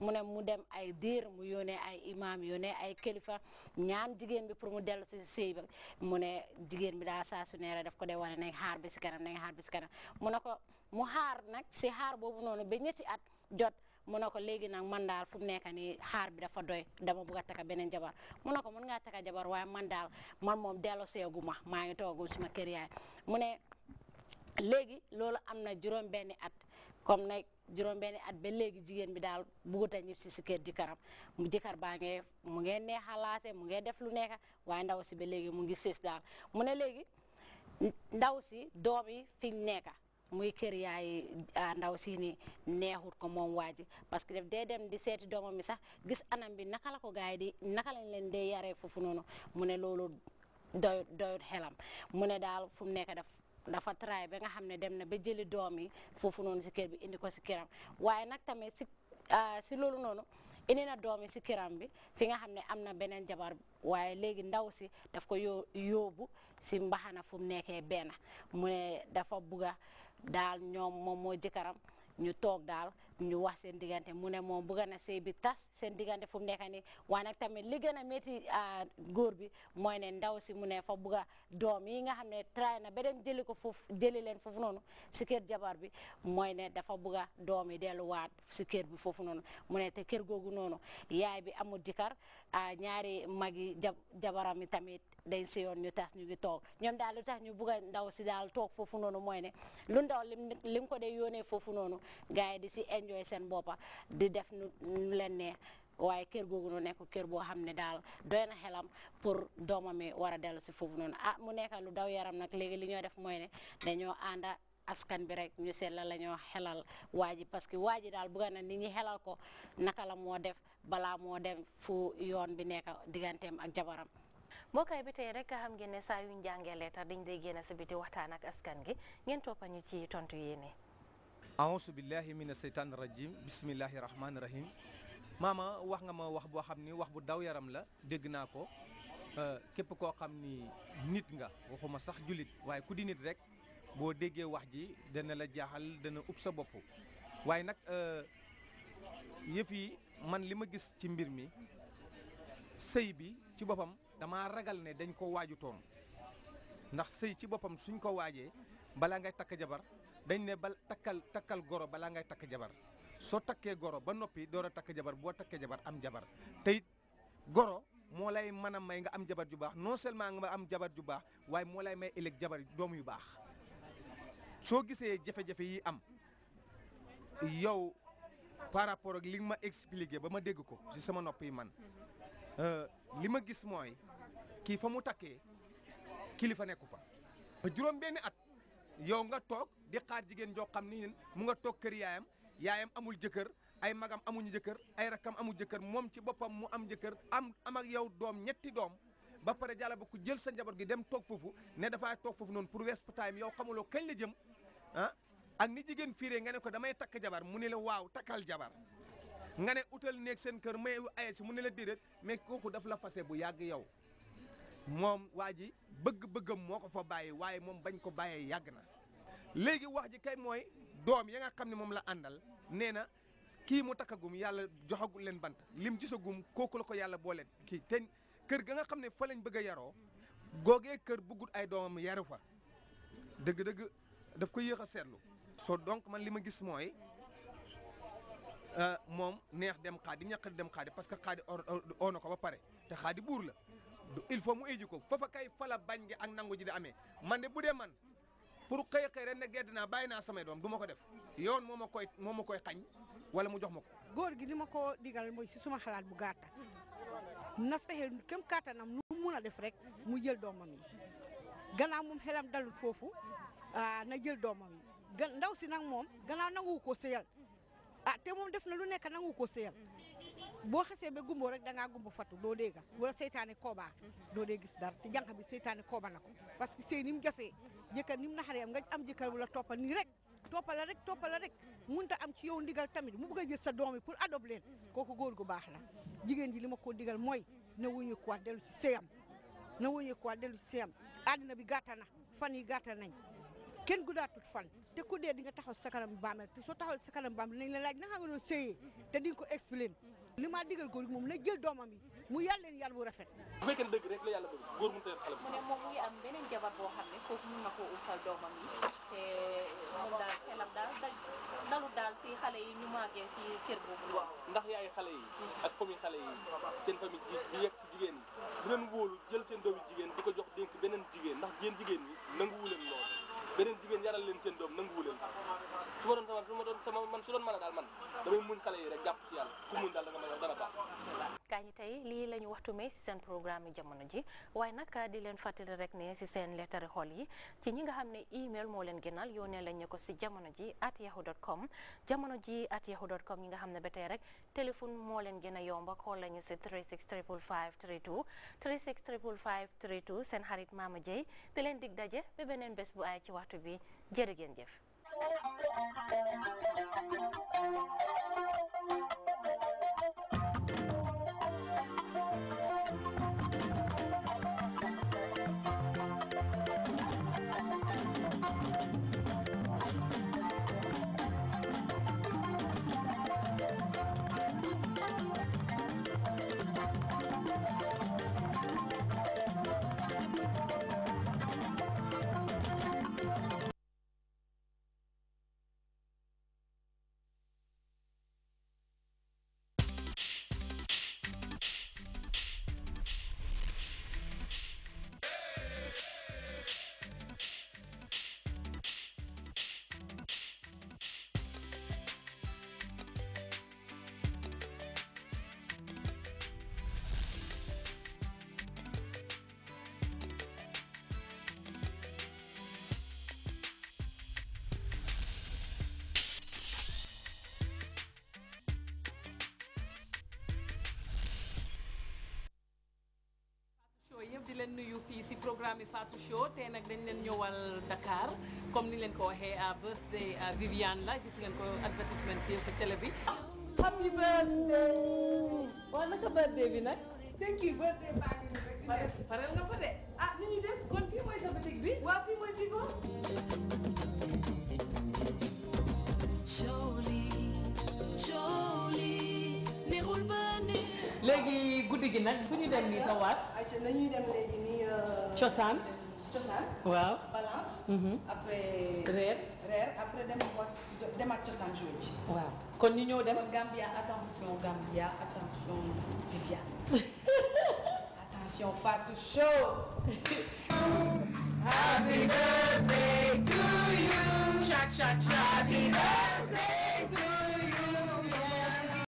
mu ne mu dem ay diir mu ne ay imaam ne ay kilifa ñaan jigéen bi pour mu dellu si sëy mu ne jigéen bi daa saa su neera daf ko dee wane nañ xaar bi si kanam nañ xaar bisi si kanam mu ne ko mu xaar nag si xaar boobu noonu ba ñetti at jot mu ne ko legi nag man daal fu mu nekk nii xaar bi dafa doy dama bugg a taka beneen jabar mu ne ko mën ngaa taka jabar waaye man daal man moom dellu seegu ma maa ngi toogum suma kër yaay mu ne léegi loolu am na juróom benni at juróom-benni at ba léegi jigéen bi daal bugut a ñib si si kër jëkkëram mu jëkkër baa ngee mu ngee neexalaate mu nge def lu nekk waaye ndaw si ba léegi mu ngi sës daal mu ne léegi ndaw si doom yi fi ñu nekk muy kër yaay ndaw si ni neexut ko moom waa ji parce que def dee dem di seeti doomam mi sax gis anam bi naka la ko gars di naka lañ leen dee yaree foofu noonu mu ne loolu doyut doyut xelam mu ne daal fu mu nekk daf dafa tray ba nga xam ne dem na ba jëli doom yi foofu noonu si kër bi indi ko si këram waaye nag tamit si ah, si loolu noonu indi na doom yi si këram bi fi nga xam ne am na beneen jabar waaye léegi ndaw si daf ko yo yóbbu si mbaxana fum mu nekkee benn mu ne dafa bugga daal ñoom moom moo jëkkëram ñu toog daal ñu wax seen diggante mu ne moom na sëy tas seen diggante fu mu nekk nii waaye tamit li gën a métti ah, góor bi mooy ne ndaw si mu ne fa bëgg a doom yi nga xam ne tray na ba dem jëli ko foofu jëli leen foofu noonu si kër jabar bi mooy ne dafa buga a doom yi delluwaat si kër bi foofu noonu mu te kër googu noonu yaay bi amul jëkkër ah, ñaari magi jabaram yi tamit dañ si yoon ñu tas ñu ngi toog ñoom daal lu tax ñu bugg a ndaw si daal toog foofu noonu mooy ne lu ndaw lim lim ko dee yónnee foofu enjoy seen boppa di def nu leen neex waaye kër googu nu nekk kër boo xam ne daal doy na xelam pour doomam mi war a dellu si foofu noonu ah mu nekk lu daw yaram nag léegi li ñoo def mooy ne dañoo ànda askan bi rek ñu seet la la ñoo xelal waa ji parce que waa ji daal bëgg na nit ñi xelal ko naka la moo def balaa moo dem fu yoon bi nekk digganteem ak jabaram. mbokk yi bi tey rek xam ngeen ne saa yu ñu jàngee leetar dañ dee génn si biti waxtaan ak askan gi ngeen toppañu ci tontu yéene. ausu billahi mina seytaani rajim bismillahi rahmaani rahim maama wax nga ma wax boo xam ni wax bu daw yaram la dégg naa ko euh, képp koo xam ni nit nga waxuma sax jullit waaye ku di nit rek boo déggee wax ji dana la jaaxal dana ub sa bopp waaye nag euh, yëf yi man li ma gis ci mbir mi sëy bi ci boppam dama ragal ne dañ ko waaju toon ndax sëy ci boppam suñ ko waajee balaa ngay takk jabar dañ ne ba takkal takkal goro balaa ngay takk jabar soo takkee goro ba noppi door a takk jabar boo takkee jabar am jabar tey goro moo lay mën a may nga am jabar ju baax non seulement nga am jabar ju baax waaye moo lay may ëllëg jabar doom yu baax soo gisee jafe-jafe yi am yow par rapport ak li ma expliqué ba ma dégg ko ci sama nopp yi man euh, li ma gis mooy kii fa mu takkee kilifa nekku fa ba juróom benni at yow nga toog di xaar jigéen joo xam ni mu nga toog kër yaayam yaayam amul jëkkër ay magam amuñu jëkkër ay rakam amul jëkkër moom ci boppam mu am jëkkër am am ak yow doom ñetti doom ba pare jàlla ba ku jël sa njaboot gi dem toog foofu ne dafaa toog foofu noonu pour waste time yow xamuloo kañ la jëm ah ak ni jigéen fiire nga ne ko damay takk jabar mu ne la waaw takkal jabar nga ne utal néeg seen kër may aye si mu ne la déedéet mais kooku daf la fase bu yàgg yow moom waa ji bëgg-bëggam moo ko fa bàyyi waaye moom bañ ko bàyyee yàgg na léegi wax ji kay mooy doom ya nga xam ne moom la àndal nee na kii mu takkagum yàlla joxagul leen bant lim gum kooku la ko yàlla boole kii te kër ga nga xam ne fa lañ bëgg a yaroo googee kër bëggul ay doomam yaru fa dëgg-dëgg daf ko yéex a seetlu soo donc man li ma gis mooy euh, moom neex dem di ñàkk dem xaadi parce que xaadi oo na ko ba pare te xaadi buur la il faut mu iji ko foofa kay fala bañ gi ak nangu ji di amee man de bu dee man pour xëy xëy ren ne gedd naa bàyyi naa samay doom du ma ko def yoon moo ma koy moo ma koy xañ wala mu jox ma ko. góor gi di ma ko digal mooy si suma xalaat bu gàtta na fexe kem kàttanam nu mun a def rek mu jël doomam yi gannaaw moom xelam dalut foofu ah, na jël doomam yi ndaw si nag moom gannaaw nangu ko sëyal ah te moom def na lu nekk nangu ko séyal mm-hmm. boo xasee ba gumboo rek da ngaa gumba fatu doo dee ga wala seytaane koobaa mm-hmm. doo dee gis dara ti jànq bi seytaane kooba na ko parce que sëy ni mu jafee mm-hmm. jëkkër ni mu naxaree am nga am jëkkër bu la nii rek toppal la rek toppal la rek munta am ci yow ndigal tamit mu bëgg a jël sa doom yi pour adob leen góor gu baax la jigéen ji li ma ko digal mooy na wuñu kuwaat dellu ci séyam na wuñu kuwaat dellu ci séyam àddina bi gàtta na fan yi gàtta nañ kenn guddaatul fan te ku dee di nga taxaw sa kanam bàmmeel te soo taxaw sa kanam bàmmeel nañ la laaj naka nga doon sëyee te di ko expliquer li ma digal góor gi moom na jël doomam yi mu yar leen yar bu rafet bu fekkee dëgg rek la yàlla bëgg góor mu am beneen jabar boo xam ne mun koo uufal doomam yi te moom daal xelam daal daj dalu xale yi ñu si kër boobu ndax yaay xale yi ak famille xale yi seen famille ji bi yegg ci jigéen yi bu leen wóolu jël seen doomi jigéen di ko jox dénk beneen jigéen ndax jigéen jigéen yi nanguwu leen loolu beneen jigéen yaral leen seen doom nanguwu leen su ma doon sama su ma doon sama man su doon mën a daal man damay muñ xale yi rek ci yàlla ku muñ daal danga ma dana gaa ñi tey lii la ñu waxtu mee si seen programme jamono ji waaye nag di leen fàttali rek ne si seen lettari xool yi ci ñi nga xam ne email moo leen gënal yónnee lañ ñu ko si jamono ji at yahoo dot com jamono ji at yahoo dot com ñi nga xam ne ba tey rek téléphone moo leen gën a yomba xool lañu si 36 555 32 36 555 32 seen xarit Mama Jëy di leen dig daje ba beneen bés bu ay ci waxtu bi jërë ngeen jëf leen nuyu fii si programme bi Fatou Show te nag dañ leen ñëwal Dakar comme ni leen ko waxee à birthday Viviane la gis ngeen ko advertisement si yëpp si télé bi. happy birthday. waaw naka birthday bi nag. thank you birthday baa ngi nii rek. faral nga ko de ah ni ñuy def kon fii mooy sa boutique bi. waaw fii mooy Bigo. surely, surely. léegi guddi gi nag fu ñu dem nii sa waat. ayca nañuy dem léegi uh, nii. cosaan. cosaan. waaw balance. Mm-hmm. après reer. reer après dem ko demaat cosaan joué ji. waaw kon ñu ñëw dem. kon Gambia attention Gambia attention Viviane. attention Fatou Show. Happy birthday to you. Cha cha cha. Happy birthday.